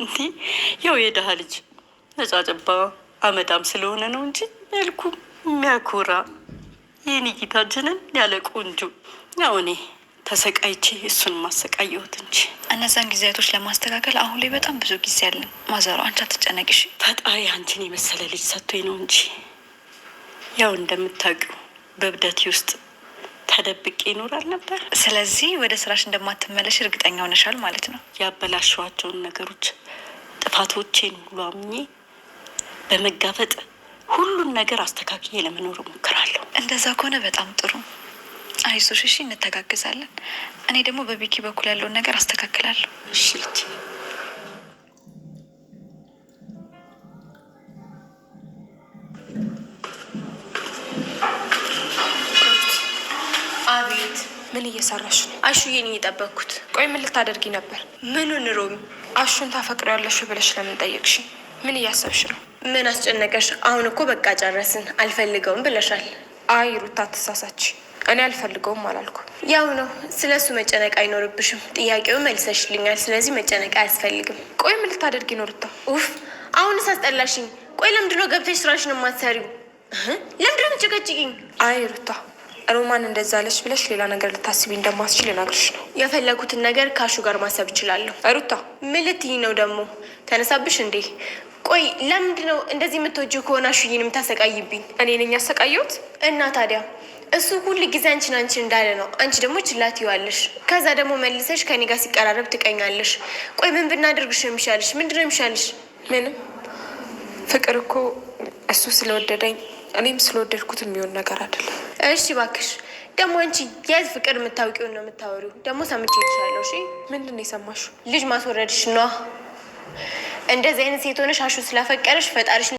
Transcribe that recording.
እንዲ ያው የድሃ ልጅ ነጫጭባ አመዳም ስለሆነ ነው እንጂ መልኩ የሚያኮራ ይህን ጌታችንን ያለ ቆንጆ ያው እኔ ተሰቃይቼ እሱን ማሰቃየሁት እንጂ እነዛን ጊዜያቶች ለማስተካከል አሁን ላይ በጣም ብዙ ጊዜ አለን። ማዘሮ አንቺ አትጨነቅሽ፣ ፈጣሪ አንቺን የመሰለ ልጅ ሰጥቶኝ ነው እንጂ ያው እንደምታውቂው በብደቴ ውስጥ ተደብቄ ይኖራል ነበር። ስለዚህ ወደ ስራሽ እንደማትመለሽ እርግጠኛ ሆነሻል ማለት ነው። ያበላሸዋቸውን ነገሮች ጥፋቶቼን ሁሉ አምኜ በመጋፈጥ ሁሉን ነገር አስተካክዬ ለመኖር እሞክራለሁ። እንደዛ ከሆነ በጣም ጥሩ። አይዞሽ፣ እሺ፣ እንተጋግዛለን። እኔ ደግሞ በቢኪ በኩል ያለውን ነገር አስተካክላለሁ። እሺ። አቤት። ምን እየሰራሽ ነው? አሹዬን እየጠበቅኩት። ቆይ ምን ልታደርጊ ነበር? ምኑን? ሮሚ አሹን ታፈቅሪያለሽ ብለሽ ለምን ጠየቅሽ? ምን እያሰብሽ ነው? ምን አስጨነቀሽ? አሁን እኮ በቃ ጨረስን፣ አልፈልገውም ብለሻል። አይ ሩታ ትሳሳች። እኔ አልፈልገውም አላልኩ። ያው ነው፣ ስለ እሱ መጨነቅ አይኖርብሽም። ጥያቄው መልሰሽልኛል፣ ስለዚህ መጨነቅ አያስፈልግም። ቆይ ምን ልታደርጊ ነው ሩታ? ኡፍ አሁንስ አስጠላሽኝ። ቆይ ለምንድነው ገብተሽ ስራሽን የማትሰሪው? ለምንድነው ጭቀጭቅኝ? አይ ሩታ ሮማን እንደዛ አለች ብለሽ ሌላ ነገር ልታስቢ እንደማስችል ልነግርሽ ነው። የፈለጉትን ነገር ካሹ ጋር ማሰብ እችላለሁ። ሩታ ምን ልትይ ነው ደግሞ? ተነሳብሽ እንዴ? ቆይ ለምንድን ነው እንደዚህ የምትወጂው ከሆነ አሹዬን የምታሰቃይብኝ? እኔ ነኝ ያሰቃየሁት? እና ታዲያ እሱ ሁል ጊዜ አንቺን አንቺን እንዳለ ነው። አንቺ ደግሞ ችላ ትይዋለሽ። ከዛ ደግሞ መልሰሽ ከኔ ጋር ሲቀራረብ ትቀኛለሽ። ቆይ ምን ብናደርግሽ ነው የሚሻልሽ? ምንድን ነው የሚሻልሽ? ምንም ፍቅር እኮ እሱ ስለወደደኝ እኔም ስለወደድኩት የሚሆን ነገር አይደለም። እሺ እባክሽ ደግሞ አንቺ የህዝብ ፍቅር የምታውቂውን ነው የምታወሪው። ደግሞ ሰምቼ ይችላለሁ። እሺ ምንድን ነው የሰማሽው? ልጅ ማስወረድሽ ነዋ። እንደዚህ አይነት ሴት ሆነሽ አሹ ስላፈቀረሽ ፈጣሪሽ